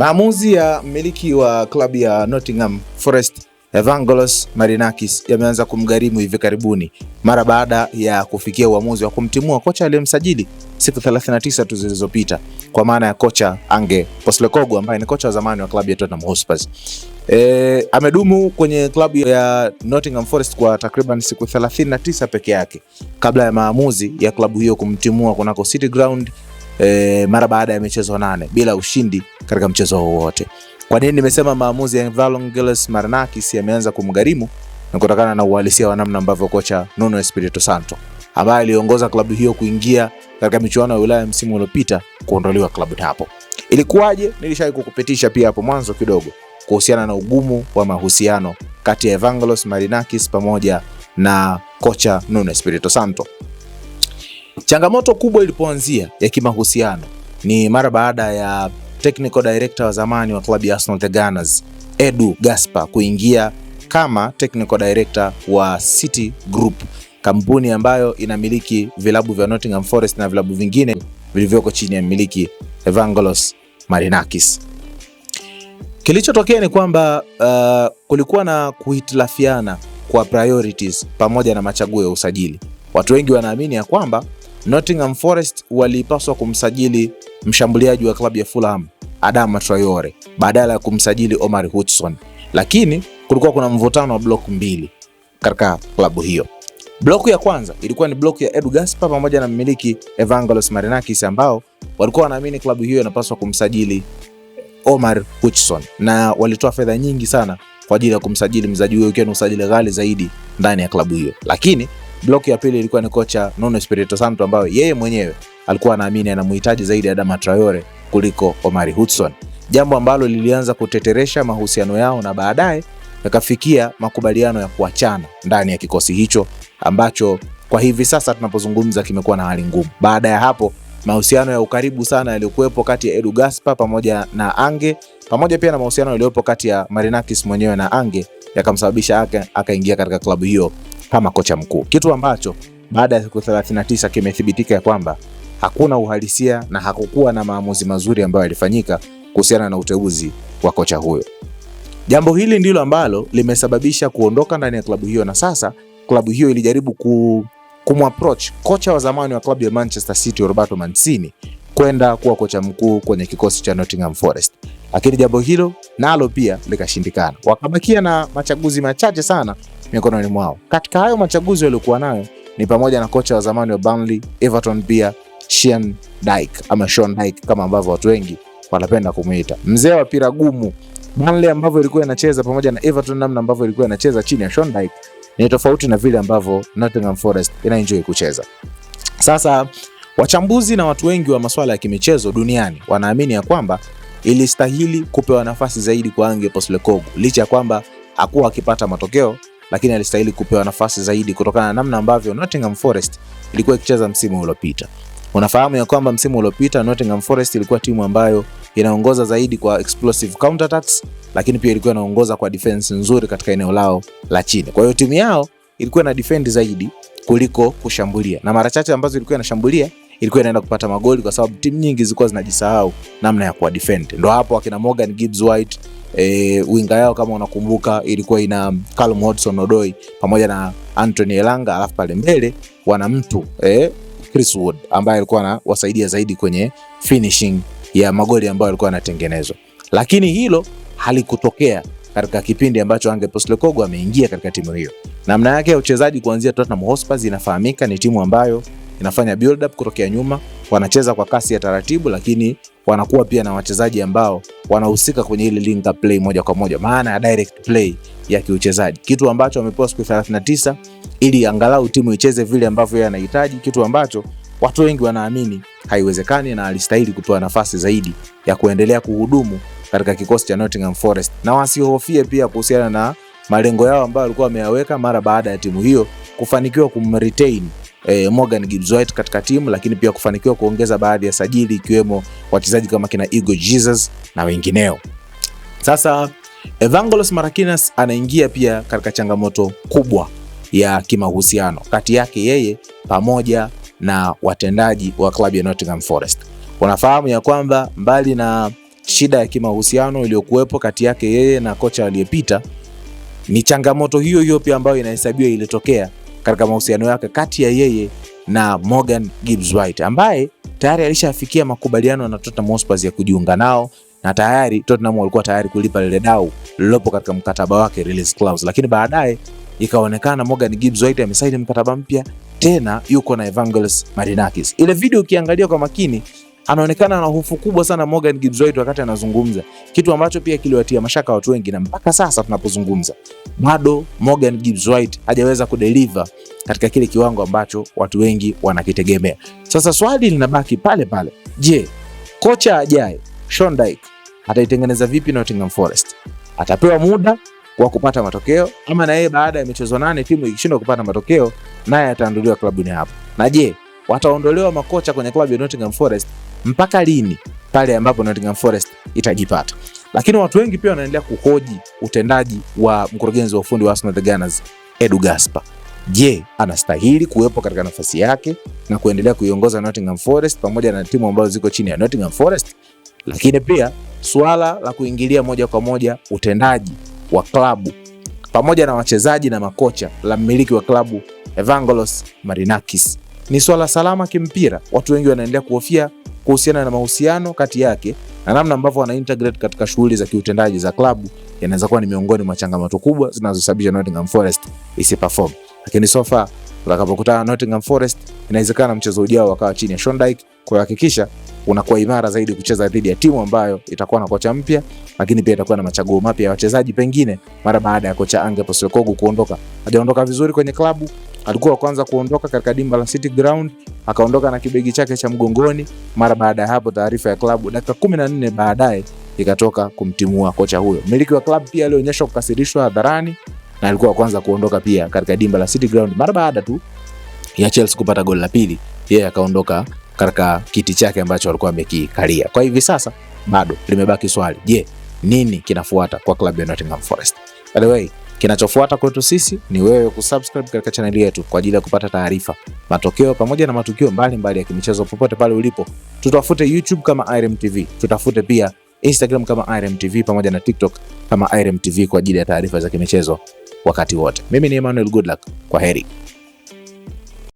Maamuzi ya mmiliki wa klabu ya Nottingham Forest Evangelos Marinakis yameanza kumgharimu hivi karibuni mara baada ya kufikia uamuzi wa kumtimua kocha aliyemsajili siku 39 tu zilizopita, kwa maana ya kocha Ange Postecoglou ambaye ni kocha wa zamani wa klabu ya Tottenham Hotspur. E, amedumu kwenye klabu ya Nottingham Forest kwa takriban siku 39 peke yake kabla ya maamuzi ya klabu hiyo kumtimua kunako City Ground e, mara baada ya michezo nane bila ushindi katika mchezo wowote. Kwa nini nimesema maamuzi ya Evangelos Maranakis yameanza kumgharimu? Ni kutokana na uhalisia wa namna ambavyo kocha Nuno Espirito Santo ambaye aliongoza klabu hiyo kuingia katika michuano ya Ulaya msimu uliopita kuondolewa klabu hapo. Ilikuwaje? Nilishawahi kukupitisha pia hapo mwanzo kidogo kuhusiana na ugumu wa mahusiano kati ya Evangelos Marinakis pamoja na kocha Nuno Espirito Santo. Changamoto kubwa ilipoanzia ya kimahusiano ni mara baada ya technical director wa zamani wa klabu ya Arsenal the Gunners Edu Gaspar kuingia kama technical director wa City Group, kampuni ambayo inamiliki vilabu vya Nottingham Forest na vilabu vingine vilivyoko chini ya mmiliki Evangelos Marinakis. Kilichotokea ni kwamba uh, kulikuwa na kuhitilafiana kwa priorities pamoja na machaguo ya usajili. Watu wengi wanaamini ya kwamba Nottingham Forest walipaswa kumsajili mshambuliaji wa klabu ya Fulham Adama Traore badala ya kumsajili Omar Hudson, lakini kulikuwa kuna mvutano wa block mbili katika klabu hiyo. Bloku ya kwanza ilikuwa ni bloku ya Edu Gaspar pamoja na mmiliki Evangelos Marinakis ambao walikuwa wanaamini klabu hiyo inapaswa kumsajili Omar Hutchinson na walitoa fedha nyingi sana kwa ajili ya kumsajili mzaji huyo, ukiwa ni usajili ghali zaidi ndani ya klabu hiyo, lakini Block ya pili ilikuwa ni kocha Nuno Espirito Santo ambaye yeye mwenyewe alikuwa anaamini anamhitaji zaidi Adama Traore kuliko Omari Hudson, jambo ambalo lilianza kuteteresha mahusiano yao na baadaye yakafikia makubaliano ya kuachana ndani ya kikosi hicho ambacho kwa hivi sasa tunapozungumza kimekuwa na hali ngumu. Baada ya hapo mahusiano ya ukaribu sana yaliyokuwepo kati ya Edu Gaspar pamoja na Ange pamoja pia na mahusiano yaliyopo kati ya Marinakis mwenyewe na Ange yakamsababisha akaingia katika klabu hiyo kama kocha mkuu, kitu ambacho baada ya siku 39 kimethibitika ya kwamba hakuna uhalisia na hakukuwa na maamuzi mazuri ambayo yalifanyika kuhusiana na uteuzi wa kocha huyo. Jambo hili ndilo ambalo limesababisha kuondoka ndani ya klabu hiyo, na sasa klabu hiyo ilijaribu ku, kumapproach kocha wa zamani wa klabu ya Manchester City Roberto Mancini kwenda kuwa kocha mkuu kwenye kikosi cha Nottingham Forest, lakini jambo hilo nalo pia likashindikana. Wakabakia na machaguzi machache sana mikononi mwao. Katika hayo machaguzi waliokuwa nayo ni pamoja na kocha wa zamani wa Burnley, Everton pia Sean Dyche ama Sean Dyche kama ambavyo watu wengi wanapenda kumuita, mzee wa pira gumu. Burnley ambavyo ilikuwa inacheza pamoja na Everton, namna ambavyo ilikuwa inacheza chini ya Sean Dyche ni tofauti na vile ambavyo Nottingham Forest inaenjoy kucheza. Sasa wachambuzi na watu wengi wa masuala ya kimichezo duniani wanaamini ya kwamba ilistahili kupewa nafasi zaidi kwa Ange Postecoglou licha ya kwamba hakuwa akipata matokeo lakini alistahili kupewa nafasi zaidi kutokana na namna ambavyo Nottingham Forest ilikuwa ikicheza msimu uliopita. Unafahamu ya kwamba msimu uliopita Nottingham Forest ilikuwa timu ambayo inaongoza zaidi kwa explosive counter attacks, lakini pia ilikuwa inaongoza kwa defense nzuri katika eneo lao la chini. Kwa hiyo timu yao ilikuwa na defend zaidi kuliko kushambulia, na mara chache ambazo ilikuwa inashambulia ilikuwa inaenda kupata magoli, kwa sababu timu nyingi zilikuwa zinajisahau namna ya kuwa defend. Ndio hapo akina Morgan Gibbs White E, winga yao kama unakumbuka ilikuwa ina Callum Hudson-Odoi pamoja na Anthony Elanga, alafu pale mbele wana mtu e, Chris Wood ambaye alikuwa anawasaidia zaidi kwenye finishing ya magoli ambayo alikuwa anatengenezwa, lakini hilo halikutokea katika kipindi ambacho Ange Postecoglou ameingia katika timu hiyo. Namna yake ya uchezaji kuanzia Tottenham Hotspur inafahamika, ni timu ambayo inafanya build up kutokea nyuma, wanacheza kwa kasi ya taratibu, lakini wanakuwa pia na wachezaji ambao wanahusika kwenye ile link up play moja kwa moja, maana ya direct play ya kiuchezaji, kitu ambacho wamepewa siku 39 ili angalau timu icheze vile ambavyo yeye anahitaji, kitu ambacho watu wengi wanaamini haiwezekani na alistahili kupewa nafasi zaidi ya kuendelea kuhudumu katika kikosi cha Nottingham Forest, na wasihofie pia kuhusiana na malengo yao ambayo walikuwa wameyaweka mara baada ya timu hiyo kufanikiwa kumretain eh, Morgan Gibbs White katika timu, lakini pia kufanikiwa kuongeza baadhi ya sajili ikiwemo wachezaji kama kina Igo Jesus na wengineo. Sasa Evangelos Marakinas anaingia pia katika changamoto kubwa ya kimahusiano kati yake yeye pamoja na watendaji wa klabu ya Nottingham Forest. Unafahamu ya kwamba mbali na shida ya kimahusiano iliyokuwepo kati yake yeye na kocha aliyepita, ni changamoto hiyo hiyo pia ambayo inahesabiwa ilitokea katika mahusiano yake kati ya yeye na Morgan Gibbs White ambaye tayari alishafikia makubaliano na Tottenham Hotspur ya kujiunga nao na tayari Tottenham walikuwa tayari kulipa lile dau lilopo katika mkataba wake release clause, lakini baadaye ikaonekana Morgan Gibbs White amesaini mkataba mpya tena yuko na Evangelos Marinakis. Ile video ukiangalia kwa makini anaonekana ana hofu kubwa sana Morgan Gibbs White wakati anazungumza, kitu ambacho pia kiliwatia mashaka watu wengi, na mpaka sasa tunapozungumza bado Morgan Gibbs White hajaweza kudeliver katika kile kiwango ambacho watu wengi wanakitegemea. Sasa swali linabaki pale pale, je, kocha ajaye Sean Dyche ataitengeneza vipi Nottingham Forest? Atapewa muda wa kupata matokeo ama na yeye baada ya michezo nane timu ikishindwa kupata matokeo naye ataanduliwa klabuni hapo? Na je wataondolewa makocha kwenye klabu ya Nottingham Forest mpaka lini? Pale ambapo Nottingham Forest itajipata. Lakini watu wengi pia wanaendelea kuhoji utendaji wa mkurugenzi wa ufundi wa Arsenal the Gunners Edu Gaspar. Je, anastahili kuwepo katika nafasi yake na kuendelea kuiongoza Nottingham Forest pamoja na timu ambazo ziko chini ya Nottingham Forest? Lakini pia suala la kuingilia moja kwa moja utendaji wa klabu pamoja na wachezaji na makocha la mmiliki wa klabu Evangelos Marinakis ni swala salama kimpira. Watu wengi wanaendelea kuhofia kuhusiana na mahusiano kati yake na namna ambavyo wana integrate katika shughuli za kiutendaji za klabu, yanaweza kuwa ni miongoni mwa changamoto kubwa zinazosababisha Nottingham Forest isiperform. Lakini sofa utakapokutana Nottingham Forest, inawezekana mchezo ujao wakawa chini ya Sean Dyche, kwa hakikisha unakuwa imara zaidi kucheza dhidi ya timu ambayo itakuwa na kocha mpya, lakini pia itakuwa na machaguo mapya ya wachezaji, pengine mara baada ya kocha Ange Postecoglou kuondoka. Hajaondoka vizuri kwenye klabu, Alikuwa kwanza kuondoka katika dimba la City Ground, akaondoka na kibegi chake cha mgongoni. Mara baada ya hapo, taarifa ya klabu dakika 14 baadaye ikatoka kumtimua kocha huyo. Mmiliki wa klabu pia alionyesha kukasirishwa hadharani na alikuwa kwanza kuondoka pia katika dimba la City Ground mara baada tu ya Chelsea kupata goli la pili, yeye akaondoka katika kiti chake ambacho alikuwa amekikalia. Kwa hivi sasa bado limebaki swali, je, nini kinafuata kwa klabu ya Nottingham Forest? By the way, Kinachofuata kwetu sisi ni wewe kusubscribe katika chaneli yetu kwa ajili ya kupata taarifa, matokeo pamoja na matukio mbalimbali ya kimichezo popote pale ulipo. Tutafute YouTube kama IREM TV, tutafute pia Instagram kama IREM TV pamoja na TikTok kama IREM TV kwa ajili ya taarifa za kimichezo wakati wote. Mimi ni Emmanuel Goodluck, kwa heri.